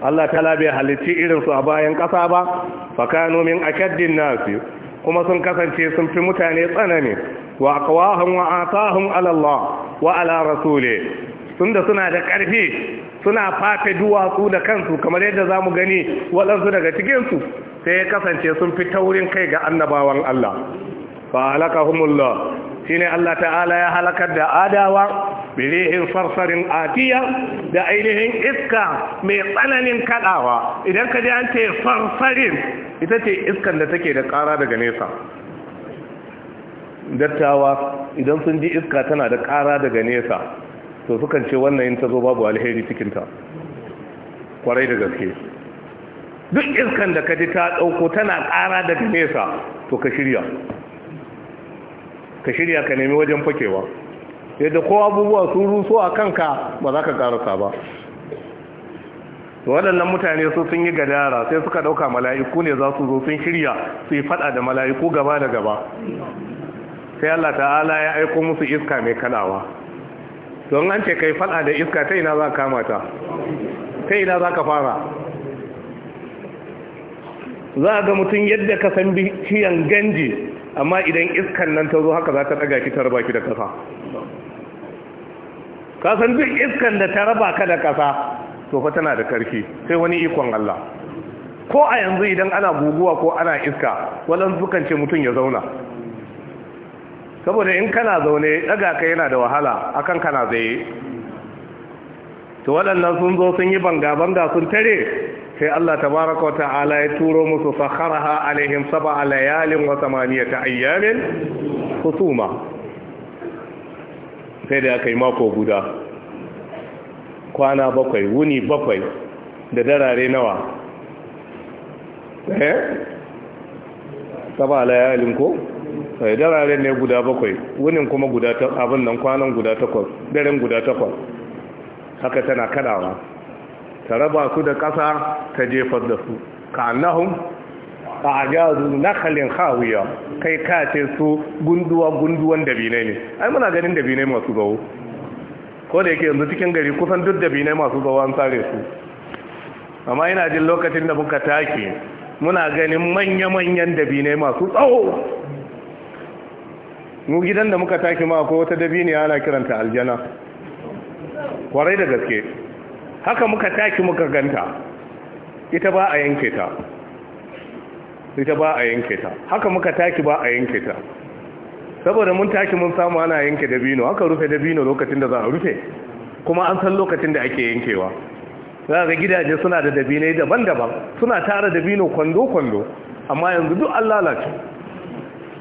Allah ta bai halitti irin su a bayan ƙasa ba fa kanu min akaddin nasi kuma sun kasance sun fi mutane tsanani wa aqwahum wa atahum ala Allah wa ala rasuli tunda suna da ƙarfi suna fafe duwatsu da kansu kamar yadda zamu gani waɗansu daga cikin su sai ya kasance sun fi taurin kai ga annabawan Allah fa halakahumullah shine Allah ta'ala ya halakar da adawa birihin farsarin adiya da ainihin iska mai tsananin kadawa idan ka ji an ce sarsarin ita ce iskan da take da kara daga nesa dattawa idan sun ji iska tana da kara daga nesa to sukan ce wannan yin ta zo babu alheri cikinta kwarai da gaske duk iskan da ka ji ta ɗauko tana ƙara daga nesa to ka shirya ka shirya ka nemi wajen fakewa yadda ko abubuwa sun ruso a kanka ba za ka karasa ba waɗannan mutane su sun yi gadara sai suka ɗauka mala'iku ne za su zo sun shirya su yi faɗa da mala'iku gaba da gaba sai Allah ta'ala ya aiko musu iska mai kalawa don an ce kai faɗa da iska ta ina za ka kamata ta ina za ka fara za a ga mutum yadda ka san bishiyan ganji amma idan iskan nan ta zo haka za ta ɗaga ki tarba ki da ƙasa Kasan duk iskan da ta raba ka da kasa to fa tana da karfi sai wani ikon Allah ko a yanzu idan ana guguwa ko ana iska walan sukan ce mutum ya zauna saboda in kana zaune daga ka yana da wahala akan kana zaye to waɗannan sun zo sun yi banga-banga sun tare sai Allah tabaraka ta'ala ya turo musu fakharaha alaihim sab'a layalin wa thamaniyata ayyamin husuma sai da aka yi mako guda kwana bakwai wuni bakwai da darare nawa eh saba layalin ko sai eh, darare ne guda bakwai wunin kuma guda ta abin nan kwanan guda takwas daren guda takwas haka tana kadawa ta raba su da ƙasa ta jefar da su ka annahum a ajazu nakhalin khawiya kai ka ce su gunduwa gunduwan dabine ne ai muna ganin dabine masu zawo ko da yake yanzu cikin gari kusan duk dabine masu zawo an sare su amma ina jin lokacin da muka take muna ganin manya-manyan dabine masu tsawo mu gidan da muka take ma ko wata dabiniya ana kiranta aljana kwarai da gaske haka muka take muka ganta ita ba a yanke ta ita ba a yanke ta haka muka taki ba a yanke ta saboda mun taki mun samu ana yanke dabino aka rufe dabino lokacin da za a rufe kuma an san lokacin da ake yankewa za ga gidaje suna da dabinai daban-daban suna tara dabino kwando-kwando amma yanzu duk an lalace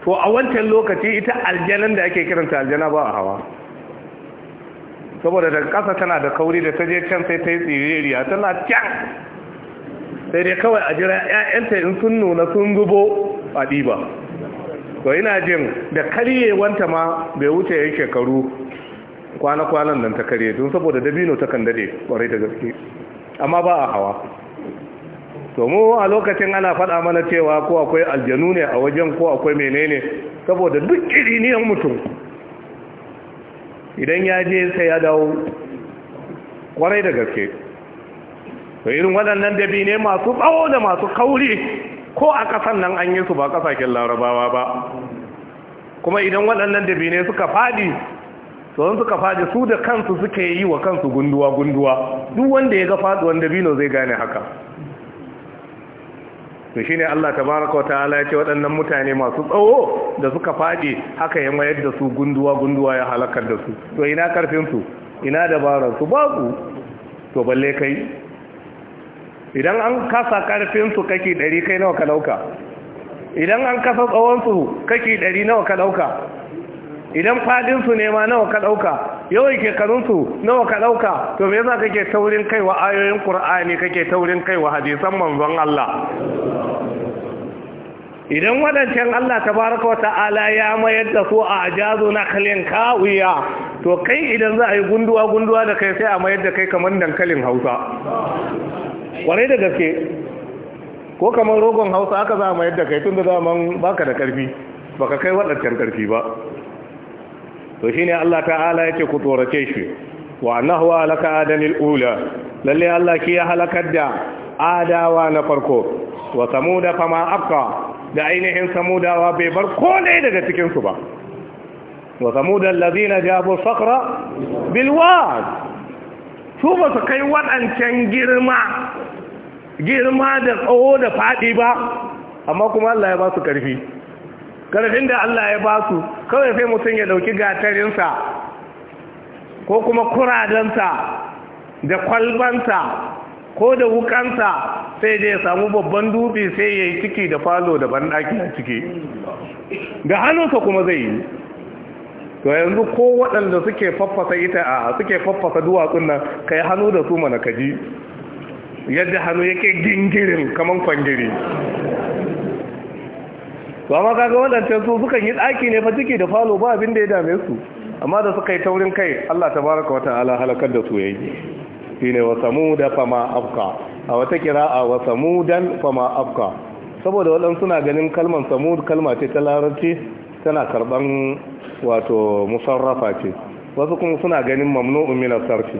to a wancan lokaci ita aljanan da ake kiranta aljana ba a hawa saboda daga ƙasa tana da kauri da ta je can sai ta yi tsiririya tana can sai dai kawai a jira 'ya'yanta in sun nuna sun zubo a ɗiba to ina jin da karye wanta ma bai wuce ya shekaru kwana-kwanan nan ta karye tun saboda dabino ta kan dade kwarai da gaske amma ba a hawa to mu a lokacin ana faɗa mana cewa ko akwai aljanu ne a wajen ko akwai menene saboda duk kiriniyan mutum idan ya je sai ya dawo kwarai da gaske to irin waɗannan dabi ne masu tsawo da masu kauri ko a ƙasan nan an yi su ba ƙasashen larabawa ba kuma idan waɗannan dabi ne suka faɗi sauran suka faɗi su da kansu suke yi wa kansu gunduwa-gunduwa duk wanda ya ga faɗuwan dabino zai gane haka to shi ne Allah baraka wa ta'ala ya ce waɗannan mutane masu tsawo da suka faɗi haka ya mayar da su gunduwa-gunduwa ya halakar da su to ina karfinsu ina dabararsu babu to balle kai idan an kasa karfinsu kake ɗari kai nawa ka ɗauka idan an kasa tsawonsu kake ɗari nawa ka ɗauka idan faɗinsu ne ma nawa ka ɗauka yawan shekarunsu nawa ka ɗauka to me yasa kake taurin kaiwa ayoyin ƙur'ani kake taurin kaiwa hadisan manzon Allah idan waɗancan Allah ta baraka wa ta'ala ya mayar da su a ajazu na kalin kawiya to kai idan za a yi gunduwa-gunduwa da kai sai a mayar da kai kamar dankalin hausa kwarai da gaske ko kamar rogon hausa aka za mu yadda kai tun da zaman baka da karfi baka kai waɗancan karfi ba to shine Allah ta'ala yake ku tsorace shi wa nahuwa alaka adanil ula lalle Allah ki ya halakar da adawa na farko wa samuda fama abqa da ainihin samudawa bai bar ko ɗaya daga cikin su ba wa samuda allazina jabu sakra bil su ba su kai waɗancan girma girma da tsawo da faɗi ba amma kuma Allah ya ba su ƙarfi ƙarfin da Allah ya ba su kawai sai mutum ya ɗauki gatarinsa ko kuma kuradansa da kwalbansa ko da wukansa sai da ya samu babban dubi sai ya yi ciki da falo da banɗaki a ciki da hannunsa kuma zai yi to yanzu ko waɗanda suke faffasa ita a suke faffasa duwatsun nan ka yi hannu da su mana kaji yadda hannu yake gingirin kamar kwangiri ba ma kaga waɗancan su sukan yi ɗaki ne fa ciki da falo ba abin da ya dame su amma da suka yi taurin kai Allah ta baraka wata ala halakar da su yayi ne wa da fama afka a wata a wa dan fama afka saboda waɗansu na ganin kalmar samu kalma ce ta larabci tana karban wato musarrafa ce wasu kuma suna ganin mamnu'un min sarfi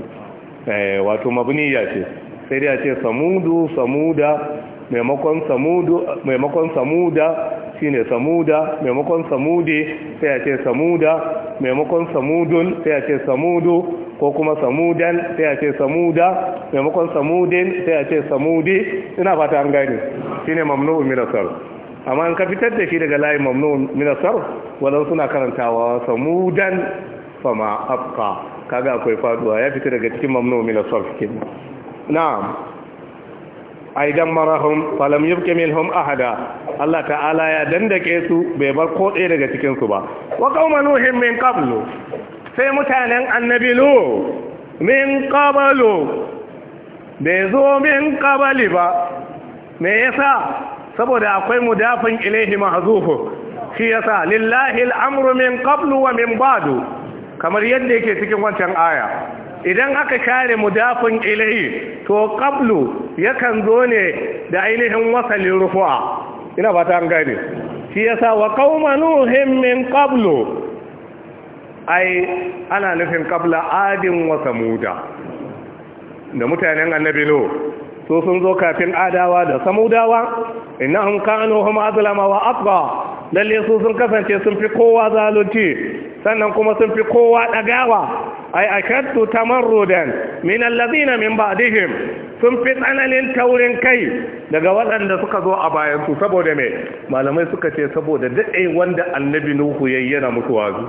eh, wato mabniya ce sai dai a ce samudu samuda maimakon samudu maimakon samuda shine samuda maimakon samude sai a ce samuda maimakon samudun sai a ce samudu ko kuma samudan sai a ce samuda maimakon samudin sai a ce samude ina fata an gane shine mamnu'un min sarfi amma ka fitar da shi daga layin mamnun minasar walau suna karantawa samudan fama afka kaga akwai faduwa ya fita daga cikin mamnun minasar kenan na'am aidan marahum falam yubqi minhum ahada Allah ta'ala ya dandake su bai bar ko ɗaya daga cikin su ba wa qauma nuhin min qablu sai mutanen annabi lu min qablu bai zo min qabali ba me yasa saboda akwai mudafin ilaihi mahzufu shi yasa lillahi al'amru min qablu wa min ba'du kamar yadda yake cikin wancan aya idan aka share mudafin ilaihi to qablu yakan zo ne da ainihin wasalin rufu'a ina ba ta gane shi yasa wa qauma nuhin min qablu ai ana nufin qabla adin wa samuda da mutanen annabi lo su sun zo kafin adawa da samudawa innahum kanu hum azlama wa atgha lalle su sun kasance sun fi kowa zalunci sannan kuma sun fi kowa dagawa ay akattu tamarrudan min alladhina min ba'dihim sun fi tsananin taurin kai daga waɗanda suka zo a bayan su saboda me malamai suka ce saboda dade wanda annabi nuhu yayyana musu wazu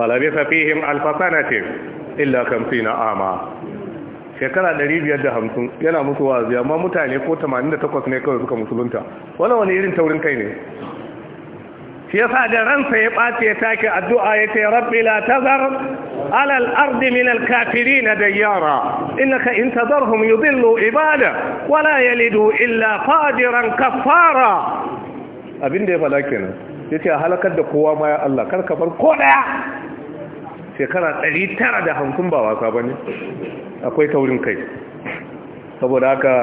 falabisa fihim alfasanati illa kamsina ama shekara 550 yana musu wazi amma mutane ko 88 ne kawai suka musulunta wani wani irin taurin kai ne shi yasa da ransa ya ɓace take addu'a ya ce rabbi la tazar alal ardi min alkafirina dayyara innaka in tazarhum yudillu ibada wala yalidu illa fajiran kafara abin da ya fada kenan yace halakar da kowa ma ya Allah kar ka bar ko daya shekara 950 ba wasa bane akwai taurin kai saboda haka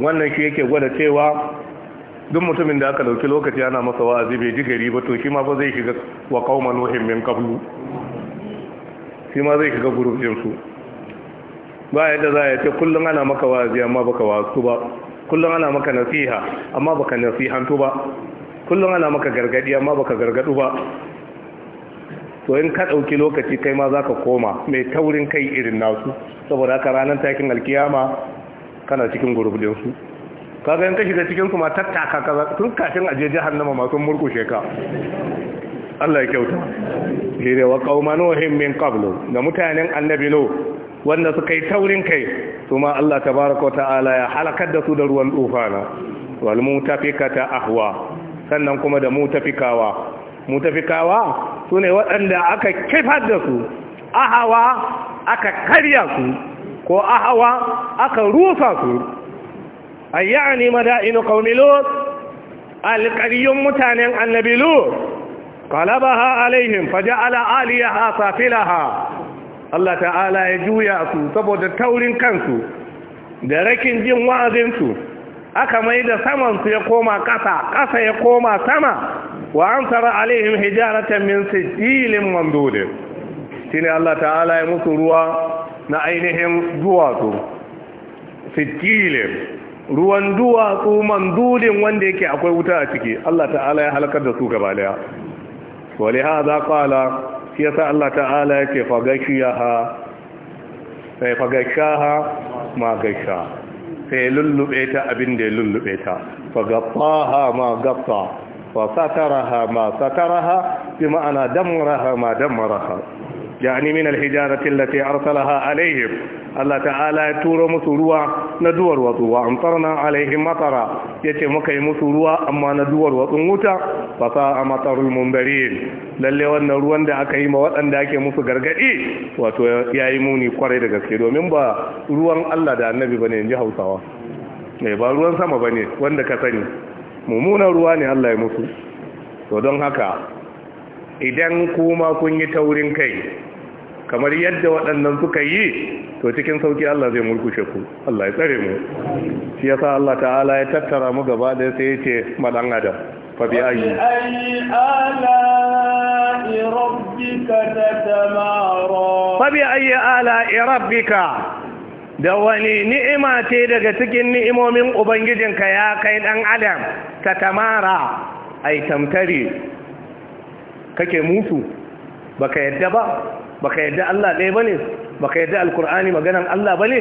wannan shi yake gwada cewa duk mutumin da aka dauki lokaci ana masa wa'azi bai ji gari ba to shi ma fa zai shiga wa qauman nuhin min qablu shi ma zai shiga gurbin su ba yadda za ya ce kullum ana maka wa'azi amma baka wasu ba kullum ana maka nasiha amma baka nasihantu ba kullum ana maka gargadi amma baka gargadu ba to in ka ɗauki lokaci kai ma za ka koma mai taurin kai irin nasu saboda haka ranar takin alkiyama kana cikin gurbinsu kaga in ka shiga cikinsu ma tattaka kaza tun kafin aje jahannama ma masu murkushe ka Allah ya kyauta shi wa qauma himmin min da mutanen annabi no wanda suka yi taurin kai su ma Allah baraka wa ta'ala ya halakar da su da ruwan tufana tafi kata ahwa sannan kuma da mu kawa. mutafikawa su ne waɗanda aka kifar da su ahawa aka karya su ko ahawa aka rufa su ayyani mada'inu qaumi lut mutanen annabilu ƙalaba ha alaihim ha Safila ha. Allah ta'ala ya juya su saboda taurin kansu da rakin jin wa'azinsu aka mai da samansu ya koma ƙasa ƙasa ya koma sama wa an tara alaihim hijaratan min sijilin mamdudin tin Allah ta'ala ya musu ruwa na ainihin duwatsu sijilin ruwan duwatsu mamdudin wanda yake akwai wuta a ciki Allah ta'ala ya halakar da su gaba daya wali hadha qala shi sa Allah ta'ala yake fagashiyaha sai fagashaha ma gashaha sai lullube ta abin da ya lullube ta fagaffaha ma gafa wa sataraha ma sataraha bi ma'ana damaraha ma damaraha yani min alhijarati allati arsalaha alaihim Allah ta'ala ya turo musu ruwa na duwar watsu wa amtarna alaihim matara yace muka yi musu ruwa amma na duwar watsun wuta fa sa'a matarul mundarin lalle wannan ruwan da aka yi ma waɗanda ake musu gargadi wato yayi muni kwarai da gaske domin ba ruwan Allah da Annabi bane inji Hausawa mai eh, ba ruwan sama bane wanda ka sani mummunan ruwa ne Allah ya mutu, to don haka idan kuma kun yi taurin kai kamar yadda waɗannan suka yi to cikin sauki Allah zai mulku ku Allah ya tsare mu shi yasa Allah ta'ala ya tattara mu gaba da sai ya ce madan adam fa bi ayi ala rabbika tatamara fa bi ayi ala rabbika da wani ni'ima ce daga cikin ni'imomin ubangijinka ya kai ɗan adam ta tamara yi tamtare kake mutu baka yadda ba baka yadda Allah ɗaya ba ba baka yadda alkur'ani maganan Allah ba ba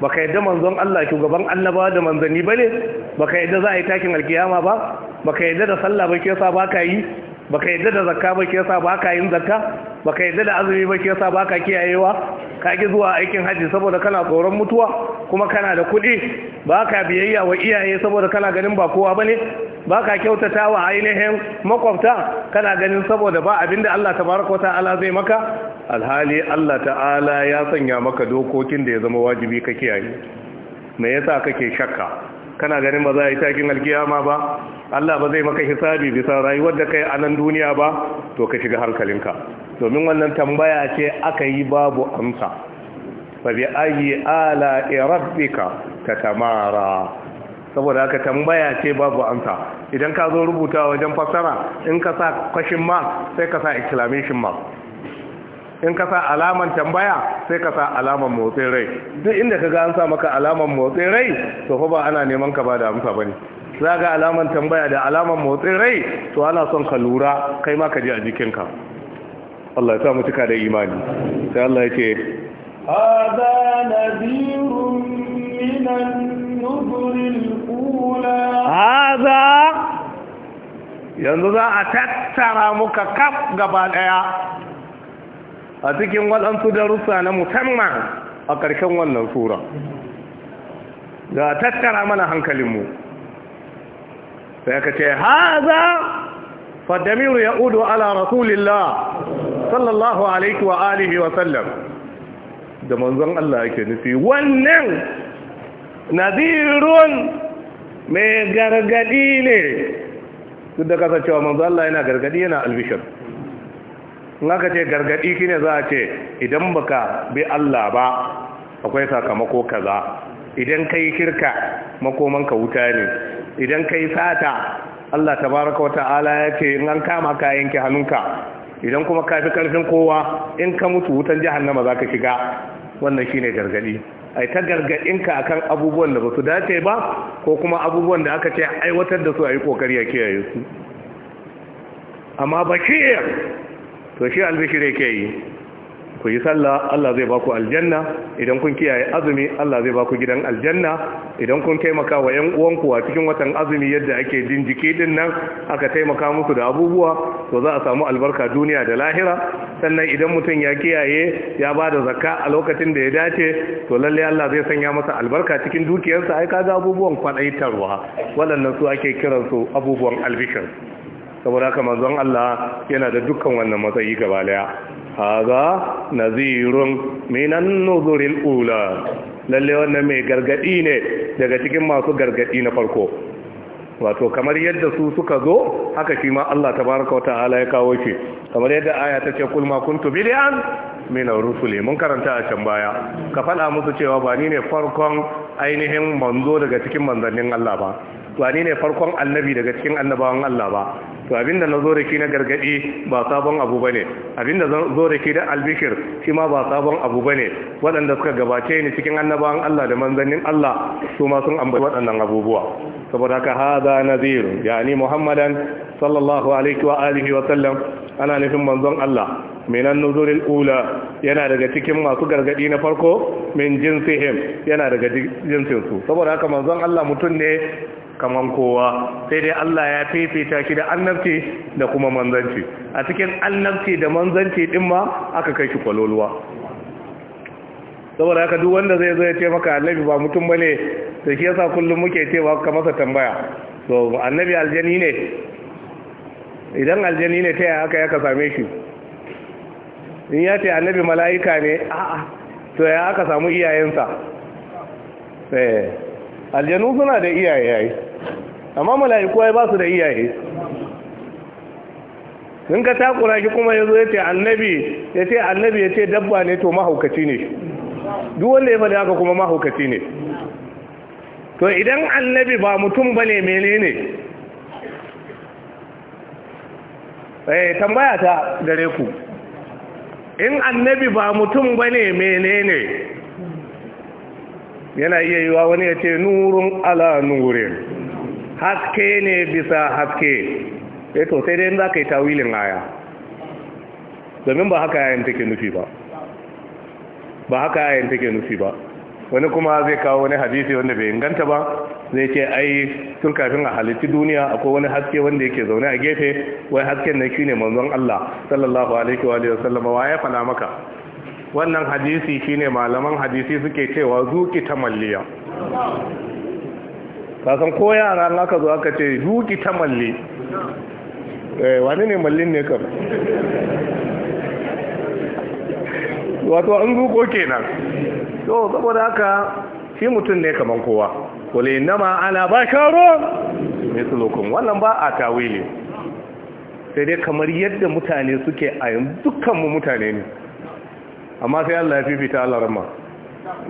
baka yadda manzon Allah shugaban annaba da manzanni ba baka yadda za a yi takin alkiyama ba baka yadda da sallah ba ke sa ka yi baka yadda da zakka ba ke yasa ka yin zakka baka yadda da azumi ba ke yasa baka kiyayewa ka ki zuwa aikin haji saboda kana tsoron mutuwa kuma kana da kuɗi ka biyayya wa iyaye saboda kana ganin ba kowa bane ka kyautata wa ainihin makwabta kana ganin saboda ba abinda Allah tabaraka ta'ala zai maka alhali Allah ta'ala ya sanya maka dokokin da ya zama wajibi ka kiyaye me yasa kake shakka kana ganin ba za a yi takin alkiyama ba Allah ba zai maka hisabi bisa rayuwar da kai a nan duniya ba to ka shiga hankalinka domin wannan tambaya ce aka yi babu amsa fa bi ayi ala rabbika tatamara saboda haka tambaya ce babu amsa idan ka zo rubuta wajen fassara in ka sa question mark sai ka sa exclamation mark in ka sa alaman tambaya sai ka sa alaman motsin rai duk inda ka ga an sa maka alaman motsin rai to fa ba ana neman ka ba da amsa bane za ga alaman tambaya da alaman motsin rai to ana son ka lura kai ma ka ji a jikinka Allah ya sa mu tuka da imani sai Allah ya ce hada nadirun minan nuzuril ula hada yanzu za a tattara muka kaf gaba daya a cikin waɗansu darussa na musamman a ƙarshen wannan sura ga tattara mana hankalinmu sai ka ce haza faddamiru ya udu ala rasulillah sallallahu alaihi wa alihi wa sallam da manzon Allah yake nufi wannan nadirun mai gargadi ne duk da kasancewa manzon Allah yana gargadi yana albishir in aka ce gargadi shine za a ce idan baka bi Allah ba akwai sakamako kaza idan kai shirka ka wuta ne idan kai sata Allah tabaraka wata'ala ya ce in an kama ka yanke hannunka idan kuma ka fi karfin kowa in ka mutu wutan jahannama za ka shiga wannan shine gargadi ai ta gargadinka akan abubuwan da ba su dace ba ko kuma abubuwan da aka ce aiwatar da su a yi kokari ya kiyaye su amma bashir to shi albishire ke yi ku yi sallah Allah zai baku aljanna idan kun kiyaye azumi Allah zai baku gidan aljanna idan kun taimaka wa ƴan uwanku a cikin watan azumi yadda ake jin jiki din nan aka taimaka musu da abubuwa to za a samu albarka duniya da lahira sannan idan mutum ya kiyaye ya ba da zakka a lokacin da ya dace to lalle Allah zai sanya masa albarka cikin dukiyarsa ai kaga abubuwan kwadaitarwa waɗannan su ake kiransu abubuwan albishir saboda haka manzon Allah yana da dukkan wannan matsayi gaba daya haza nazirun minan nuzuril ula lalle wannan mai gargadi ne daga cikin masu gargadi na farko wato kamar yadda su suka zo haka shi ma Allah tabaraka wa ta'ala ya kawo shi kamar yadda aya ta ce kul ma kuntu bid'an min ar-rusuli mun karanta a can baya ka faɗa musu cewa ba ni ne farkon ainihin manzo daga cikin manzannin Allah ba to ne farkon annabi daga cikin annabawan Allah ba to abinda na zo da ki na gargadi ba sabon abu bane abinda zan zo da ki da albishir shi ma ba sabon abu bane waɗanda suka gabace ni cikin annabawan Allah da manzannin Allah su ma sun ambaci waɗannan abubuwa saboda haka hada nazir yani muhammadan sallallahu alaihi wa alihi wa sallam ana nufin manzon Allah minan nuzulil ula yana daga cikin masu gargadi na farko min jinsihim yana daga jinsinsu saboda haka manzon Allah mutum ne kaman kowa sai dai Allah ya fifita shi da annabci da kuma manzanci a cikin annabci da manzanci din ma aka kai shi kwaloluwa saboda haka duk wanda zai zo ya ce maka annabi ba mutum bane to shi yasa kullum muke cewa ka masa tambaya to annabi aljani ne idan aljani ne ta yaya aka yaka same shi in ya ce annabi mala'ika ne a'a to ya aka samu iyayensa eh, aljanu suna da iyaye amma mala'iku ya ba su da iyaye sun ka takura shi kuma ya zo ya ce annabi ya ce annabi ya ce dabba ne to mahaukaci ne duk wanda ya faɗi haka kuma mahaukaci ne to idan annabi ba mutum ba ne ne eh tambaya ta gare ku in annabi ba mutum ba ne menene yana iya yiwa wani ya ce nurun ala nurin haske ne bisa haske E to sai dai in za ka yi tawilin aya domin ba haka yayin take nufi ba ba haka yayin take nufi ba wani kuma zai kawo wani hadisi wanda bai inganta ba zai ce ai tun kafin a halitti duniya akwai wani haske wanda yake zaune a gefe wai hasken shi shine manzon Allah sallallahu alaihi wa alihi wasallam wa ya fada maka wannan hadisi shine malaman hadisi suke cewa zuki ta kasan ko yara an aka zo aka ce ruki ta malle eh, wani ne mallin ne kam wato an ko kenan to saboda haka shi mutum ne kaman kowa wale nama ala ba sharo mislukun wannan ba a tawili sai dai kamar yadda mutane suke a yin mu mutane ne amma sai Allah ya fifita Allah rama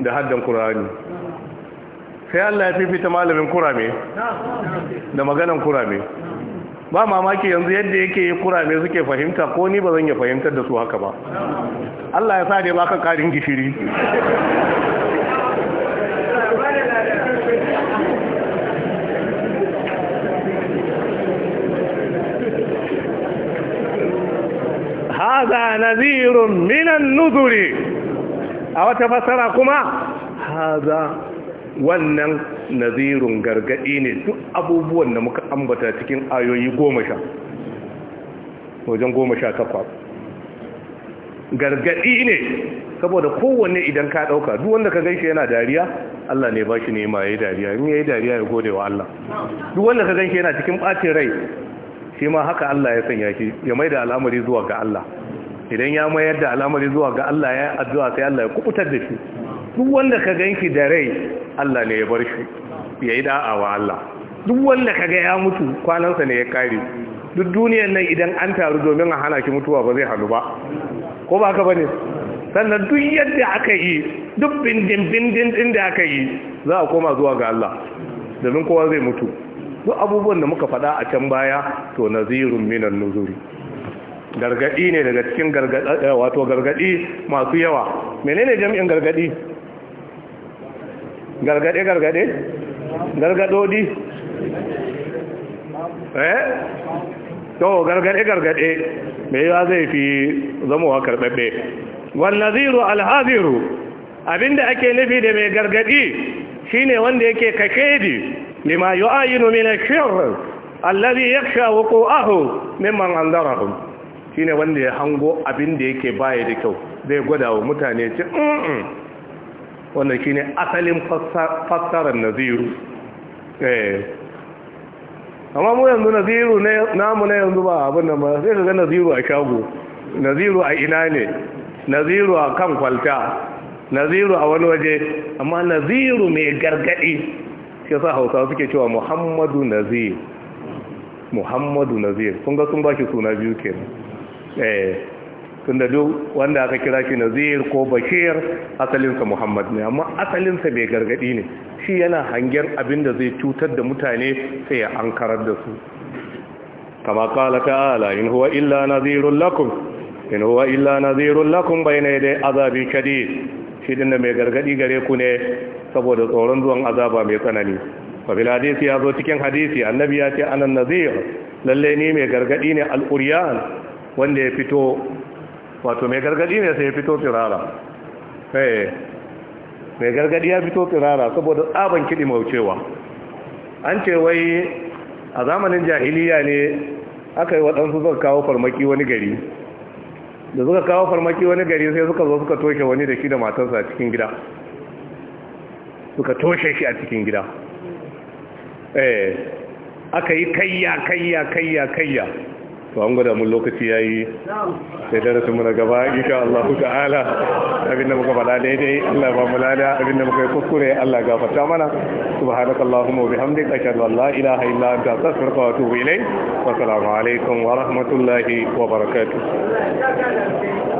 da haddan Qur'ani sai Allah ya fifita malamin kurame da maganan kurame ba mamaki yanzu yadda yake kurame suke fahimta ko ni ba zan iya fahimtar da su haka ba Allah ya sa dai baka karin gishiri haza nazirun minan nuzuri a wata fasara kuma haza wannan nazirun gargadi ne duk abubuwan da muka ambata cikin ayoyi goma sha wajen goma sha gargadi ne saboda kowanne idan ka ɗauka duk wanda ka ganshi yana dariya Allah ne ba shi ne ma yayi dariya in yi dariya ya gode wa Allah duk wanda ka ganshi yana cikin ɓacin rai shi ma haka Allah ya sanya shi ya maida al'amari zuwa ga Allah idan ya mayar da al'amari zuwa ga Allah ya addu'a sai Allah ya kubutar da shi duk wanda ka ganki da rai Allah ne ya bar shi ya yi da'a wa Allah duk wanda ka ga ya mutu kwanansa ne ya kare duk duniyar nan idan an taru domin a hana shi mutuwa ba zai hannu ba ko ba ka bane sannan duk yadda aka yi duk bindin bindin din da aka yi za a koma zuwa ga Allah domin kowa zai mutu duk abubuwan da muka faɗa a can baya to nazirun minan nuzuri gargadi ne daga cikin eh, wato gargadi masu yawa menene jami'in gargadi gargade gargade gargadodi eh to gargade gargade mai yawa zai fi zamowa karɓaɓɓe wannaziru alhaziru abinda ake nufi da mai gargadi shine wanda yake kakedi lima yu'ayinu min ash-sharr alladhi yakhsha wuqu'ahu mimman andarahum shine wanda ya hango abinda yake baye da kyau zai gwada wa mutane ce wannan shi ne asalin fassarar naziru eh amma mu yanzu naziru ne namu ne yanzu ba abin nan ba sai ka ga naziru a shago naziru a ina ne naziru a kan kwalta naziru a wani waje amma naziru mai gargadi shi yasa hausawa suke cewa muhammadu nazir muhammadu nazir kun ga sun ba shi suna biyu kenan eh tunda duk wanda aka kira shi nazir ko bashir asalinsa muhammad ne amma asalinsa bai gargadi ne shi yana hangen abin da zai cutar da mutane sai ya ankarar da su kama kala ta'ala in huwa illa nazirun lakum in huwa illa nazirun lakum bayna dai azabi shadi shi din mai gargadi gare ku ne saboda tsoron zuwan azaba mai tsanani wa bil hadisi ya zo cikin hadisi annabi ya ce anan nazir lalle ni mai gargadi ne al wanda ya fito wato mai gargadi ne sai ya fito eh mai gargadi ya fito tsirara saboda tsaban kiɗi maucewa an ce wai a zamanin jahiliya ne aka yi waɗansu suka kawo farmaki wani gari da suka kawo farmaki wani gari sai suka zo suka toshe wani da shi da matarsa a cikin gida suka toshe shi a cikin gida eh aka yi kayya kayya kayya kayya to an gwada mun lokaci ya yi sai darasin mu na gaba insha Allah ta'ala abin da muka faɗa daidai Allah ba mu lada da muka yi kuskure Allah ga fata mana subhanaka wa bihamdika ashhadu an la ilaha illa anta astaghfiruka wa atubu ilayk wa assalamu alaikum wa rahmatullahi wa barakatuh